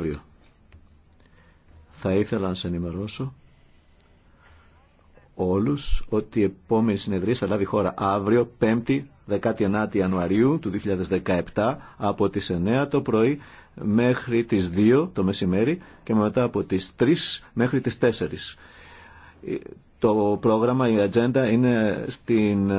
αύριο. Θα ήθελα να σε ενημερώσω όλους ότι η επόμενη συνεδρία θα λάβει χώρα αύριο 5η 19η Ιανουαρίου του 2017 από τις 9 το πρωί μέχρι τις 2 το μεσημέρι και μετά από τις 3 μέχρι τις 4. Το πρόγραμμα, η ατζέντα είναι στην